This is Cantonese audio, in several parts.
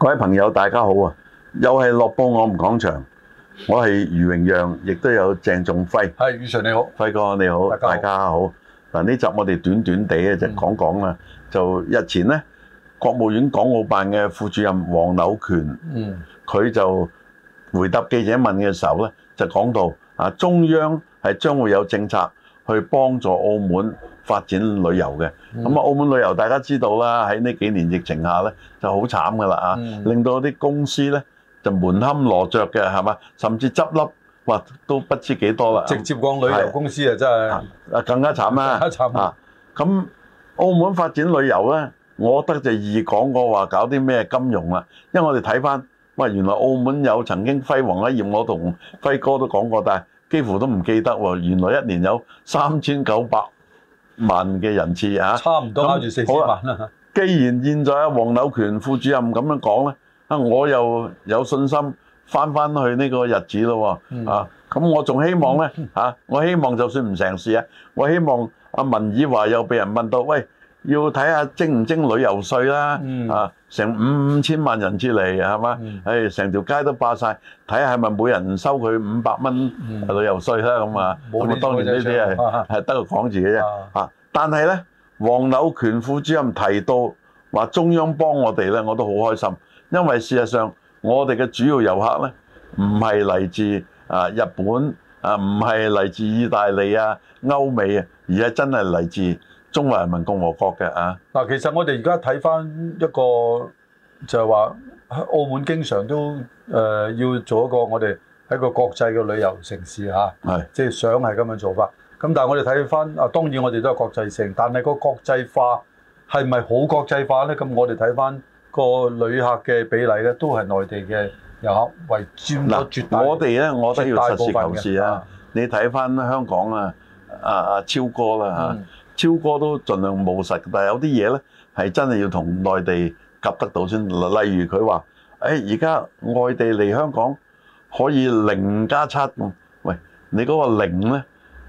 各位朋友，大家好啊！又係樂報我們講場，我係余榮讓，亦都有鄭仲輝。係，余 Sir 你好，輝哥你好，大家好。嗱呢集我哋短短地啊，就講講啦。嗯、就日前呢，國務院港澳辦嘅副主任黃柳權，嗯，佢就回答記者問嘅時候咧，就講到啊，中央係將會有政策去幫助澳門發展旅遊嘅。咁啊，嗯、澳門旅遊大家知道啦，喺呢幾年疫情下咧，就好慘噶啦啊，令到啲公司咧就門可羅雀嘅，係嘛？甚至執笠，哇，都不知幾多啦。直接講旅遊公司啊，真係啊，更加慘，更加慘啊！咁、嗯、澳門發展旅遊咧，我覺得就易講過話搞啲咩金融啦，因為我哋睇翻，哇，原來澳門有曾經輝煌嘅業，我同輝哥都講過，但係幾乎都唔記得喎。原來一年有三千九百萬嘅人次啊，差唔多揸住四萬啦。既然現在阿黃柳權副主任咁樣講咧，啊我又有信心翻翻去呢個日子咯喎。啊，咁我仲希望咧嚇，我希望就算唔成事啊，我希望阿文綺華又俾人問到，喂，要睇下徵唔徵旅遊稅啦。啊，成五五千萬人次嚟，係嘛？誒，成條街都霸曬，睇下係咪每人收佢五百蚊旅遊稅啦咁啊。咁啊，當然呢啲係係得個講字嘅啫。啊！但係咧，黃柳權副主任提到話中央幫我哋咧，我都好開心，因為事實上我哋嘅主要遊客咧，唔係嚟自啊日本啊，唔係嚟自意大利啊歐美啊，而係真係嚟自中華人民共和國嘅啊。嗱，其實我哋而家睇翻一個就係話澳門經常都誒要做一個我哋喺個國際嘅旅遊城市嚇、啊，係即係想係咁樣做法。咁但係我哋睇翻啊，當然我哋都係國際性，但係個國際化係咪好國際化咧？咁我哋睇翻個旅客嘅比例咧，都係內地嘅遊客為佔咗絕大，我哋咧，我都要實事求是啊！啊你睇翻香港啊，啊啊超哥啦嚇，超哥、啊嗯、超哥都儘量務實，但係有啲嘢咧係真係要同內地夾得到先。例如佢話，誒而家外地嚟香港可以零加七喂，你嗰個零咧？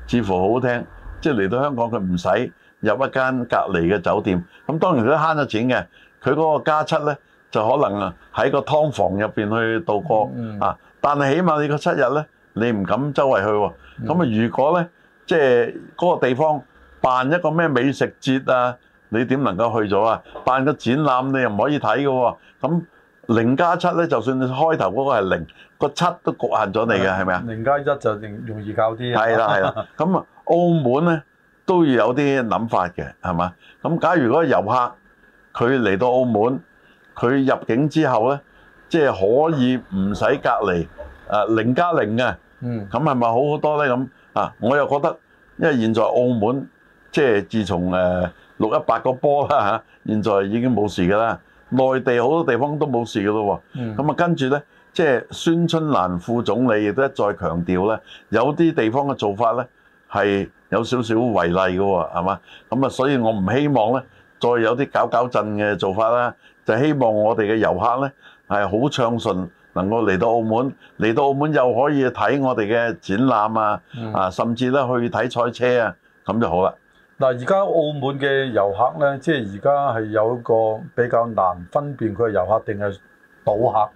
似乎好好聽，即係嚟到香港佢唔使入一間隔離嘅酒店。咁當然佢都慳咗錢嘅。佢嗰個加七咧，就可能喺個劏房入邊去度過啊。但係起碼你個七日咧，你唔敢周圍去喎。咁啊，如果咧，即係嗰個地方辦一個咩美食節啊，你點能夠去咗啊？辦個展覽你又唔可以睇嘅喎。咁零加七咧，就算你開頭嗰個係零，個七都局限咗你嘅，係咪啊？零加一就容容易搞啲啊。係 啦，咁啊，澳門咧都要有啲諗法嘅，係嘛？咁假如嗰個遊客佢嚟到澳門，佢入境之後咧，即、就、係、是、可以唔使隔離啊、呃，零加零嘅。嗯。咁係咪好好多咧？咁啊，我又覺得，因為現在澳門即係自從誒六一八個波啦，現在已經冇事㗎啦。內地好多地方都冇事㗎咯喎，咁啊，跟住呢，即係孫春蘭副總理亦都一再強調呢，有啲地方嘅做法呢係有少少違例㗎喎，係嘛？咁啊，所以我唔希望呢，再有啲搞搞震嘅做法啦，就希望我哋嘅遊客呢係好暢順，能夠嚟到澳門，嚟到澳門又可以睇我哋嘅展覽啊，嗯、啊甚至咧去睇賽車啊，咁就好啦。嗱，而家澳門嘅遊客咧，即係而家係有一個比較難分辨佢係遊客定係賭客，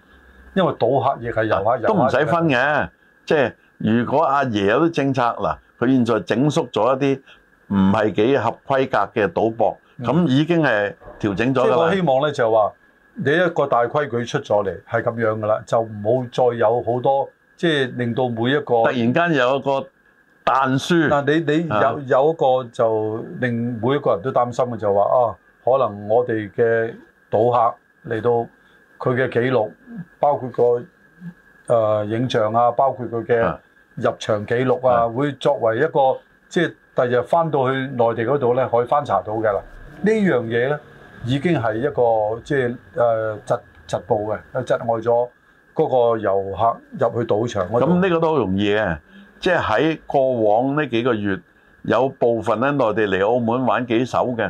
因為賭客亦係遊客。都唔使分嘅，即係如果阿爺有啲政策，嗱，佢現在整縮咗一啲唔係幾合規格嘅賭博，咁已經係調整咗啦、嗯。即係我希望咧就係話，你一個大規矩出咗嚟係咁樣噶啦，就唔好再有好多，即係令到每一個突然間有一個。但輸嗱、啊、你你有有一個就令每一個人都擔心嘅就話啊，可能我哋嘅賭客嚟到佢嘅記錄，包括個誒、呃、影像啊，包括佢嘅入場記錄啊，啊會作為一個即係第日翻到去內地嗰度咧，可以翻查到嘅啦。呢樣嘢咧已經係一個即係誒窒窒步嘅，窒礙咗嗰個遊客入去賭場嗰。咁呢個都好容易啊。即係喺過往呢幾個月，有部分咧內地嚟澳門玩幾手嘅，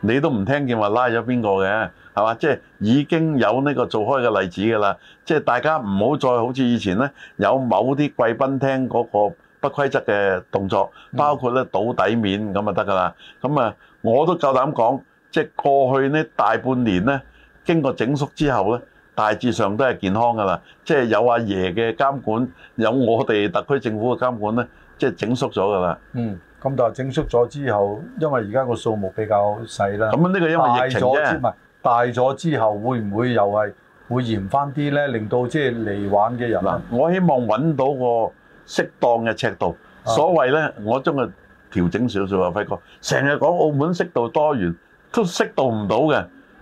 你都唔聽見話拉咗邊個嘅，係嘛？即係已經有呢個做開嘅例子㗎啦。即係大家唔好再好似以前咧，有某啲貴賓廳嗰個不規則嘅動作，包括咧倒底面咁就得㗎啦。咁啊，我都夠膽講，即係過去呢大半年咧，經過整肅之後咧。大致上都係健康㗎啦，即係有阿爺嘅監管，有我哋特區政府嘅監管咧，即係整縮咗㗎啦。嗯，咁就整縮咗之後，因為而家個數目比較細啦。咁樣呢個因為疫情咧，唔係大咗之後會唔會又係會延翻啲咧？令到即係嚟玩嘅人嗱，我希望揾到個適當嘅尺度。所謂咧，我將佢調整少少啊，輝哥，成日講澳門適度多元都適度唔到嘅，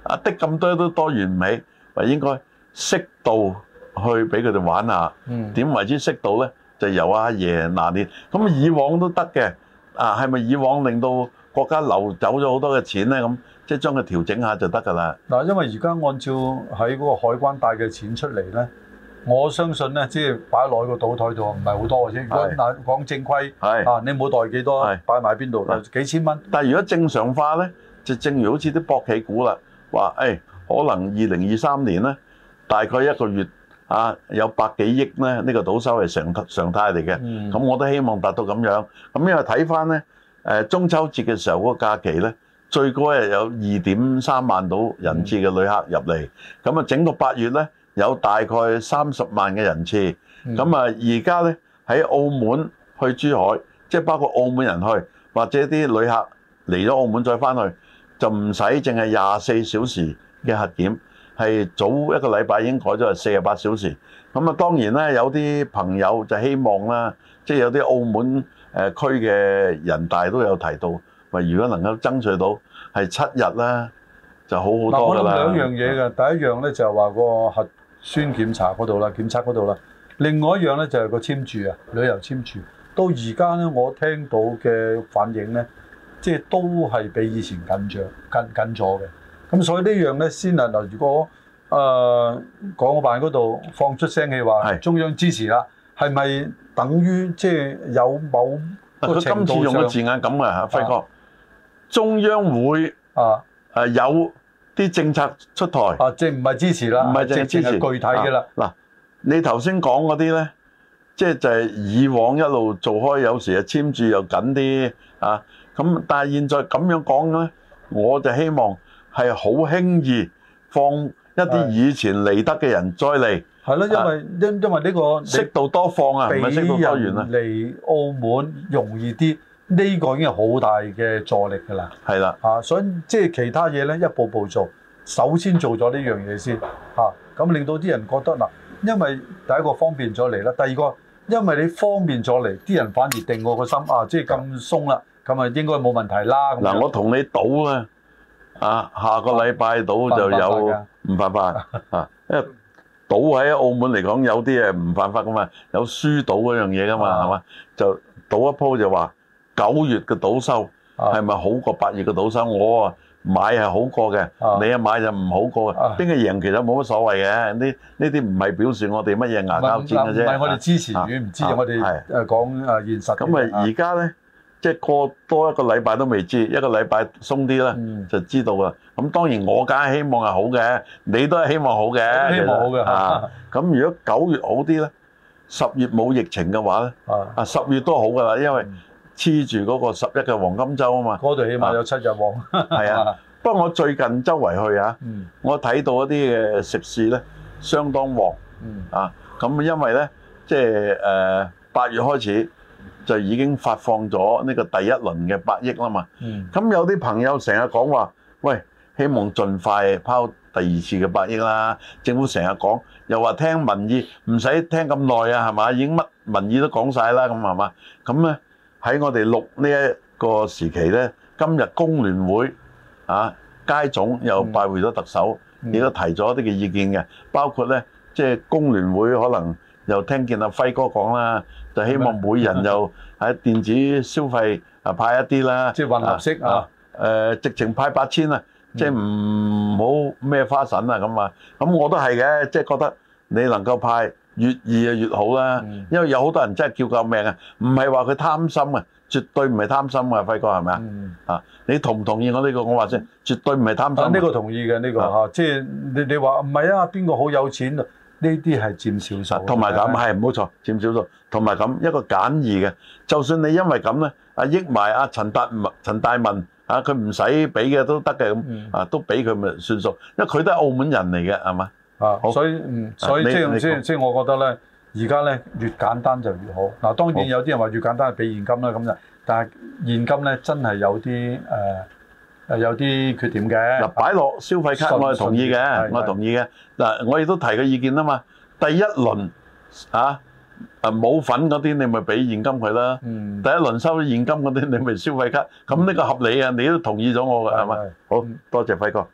啊的咁多都多元唔起。話應該適度去俾佢哋玩下，點為之適度咧？就由阿爺拿捏。咁以往都得嘅，啊係咪以往令到國家流走咗好多嘅錢咧？咁即係將佢調整下就得㗎啦。嗱，因為而家按照喺嗰個海關帶嘅錢出嚟咧，我相信咧，即係擺落個賭台度唔係好多嘅啫。講嗱講正規，的啊你冇袋幾多，擺埋邊度？幾千蚊？但係如果正常化咧，就正如好似啲博企股啦，話誒。哎可能二零二三年呢，大概一個月啊有百幾億呢。呢、呢個賭收係常常態嚟嘅。咁、嗯、我都希望達到咁樣。咁因為睇翻呢，誒中秋節嘅時候嗰個假期呢，最高咧有二點三萬到人次嘅旅客入嚟。咁啊、嗯，整個八月呢，有大概三十萬嘅人次。咁啊、嗯，而家呢，喺澳門去珠海，即係包括澳門人去或者啲旅客嚟咗澳門再翻去，就唔使淨係廿四小時。嘅核檢係早一個禮拜已經改咗係四十八小時，咁啊當然咧有啲朋友就希望啦，即係有啲澳門誒區嘅人大都有提到，話如果能夠爭取到係七日啦，就好好多噶啦。兩樣嘢嘅、啊、第一樣咧就係、是、話個核酸檢查嗰度啦，檢測嗰度啦，另外一樣咧就係、是、個簽注啊，旅遊簽注。到而家咧我聽到嘅反應咧，即、就、係、是、都係比以前緊張、緊緊咗嘅。咁所以呢樣咧先啊！嗱，如果誒、呃、港澳辦嗰度放出聲氣話中央支持啦，係咪是等於即係、就是、有冇？佢今、啊、次用嘅字眼咁啊，輝哥，中央會啊誒有啲政策出台啊，啊，即係唔係支持啦？唔係、啊、即係支持具體嘅啦。嗱、啊，你頭先講嗰啲咧，即係就係以往一路做開，有時啊簽註又緊啲啊咁，但係現在咁樣講咧，我就希望。係好輕易放一啲以前嚟得嘅人再嚟，係咯的、啊，因為因因為呢個適度多放啊，係咪適度多元咧？嚟澳門容易啲，呢、這個已經係好大嘅助力㗎啦。係啦的，啊，所以即係其他嘢咧，一步步做，首先做咗呢樣嘢先嚇，咁、啊、令到啲人覺得嗱，因為第一個方便咗嚟啦，第二個因為你方便咗嚟，啲人反而定我個心啊，即係咁鬆啦，咁咪應該冇問題啦。嗱，我同你賭啊！啊！下個禮拜賭就有唔犯法啊，因為賭喺澳門嚟講有啲係唔犯法噶嘛，有輸賭嗰樣嘢噶嘛，係嘛？就賭一鋪就話九月嘅賭收係咪好過八月嘅賭收？我啊買係好過嘅，你啊買就唔好過。邊個贏其實冇乜所謂嘅，呢呢啲唔係表示我哋乜嘢牙較剪嘅啫。唔係我哋支持與唔支持，我哋誒講誒現實。咁啊，而家咧。即係過多一個禮拜都未知，一個禮拜鬆啲啦，就知道啊。咁當然我梗係希望係好嘅，你都係希望好嘅，希望好嘅嚇。咁如果九月好啲咧，十月冇疫情嘅話咧，啊十月都好㗎喇，因為黐住嗰個十一嘅黃金周啊嘛。嗰度起碼有七日旺。係啊，不過我最近周圍去嚇，我睇到一啲嘅食肆咧，相當旺啊。咁因為咧，即係誒八月開始。就已經發放咗呢個第一輪嘅百億啦嘛。咁有啲朋友成日講話，喂，希望盡快拋第二次嘅百億啦。政府成日講，又話聽民意，唔使聽咁耐啊，係嘛？已經乜民意都講曬啦，咁係嘛？咁咧喺我哋錄呢一個時期咧，今日工聯會啊，街總又拜會咗特首，亦都提咗一啲嘅意見嘅，包括咧，即係工聯會可能。又聽見阿、啊、輝哥講啦，就希望每人又喺電子消費啊派一啲啦，即係混合式啊，誒直情派八千啊，呃 8, 啊嗯、即係唔好咩花神啊咁啊，咁我都係嘅，即係、就是、覺得你能夠派越易就越好啦、啊，因為有好多人真係叫救命啊，唔係話佢貪心啊，絕對唔係貪心啊，輝哥係咪啊？嗯、啊，你同唔同意我呢、這個我話先，絕對唔係貪心、啊。呢、啊這個同意嘅呢、這個嚇，即係你你話唔係啊？邊個、啊啊、好有錢啊？呢啲係佔少數，同埋咁係冇錯，佔少數。同埋咁一個簡易嘅，就算你因為咁咧，阿益埋阿陳達文、陳大文啊，佢唔使俾嘅都得嘅咁啊，都俾佢咪算數，因為佢都係澳門人嚟嘅，係嘛啊，所以嗯，所以即係即即係，我覺得咧，而家咧越簡單就越好。嗱，當然有啲人話越簡單係俾現金啦，咁就但係現金咧真係有啲誒。誒有啲缺點嘅嗱，擺落消費卡，我係同意嘅，我同意嘅嗱，我亦都提個意見啊嘛，第一輪嚇誒冇份嗰啲，你咪俾現金佢啦，第一輪收咗現金嗰啲，你咪消費卡，咁呢個合理啊，你都同意咗我㗎係咪？好，多謝輝哥。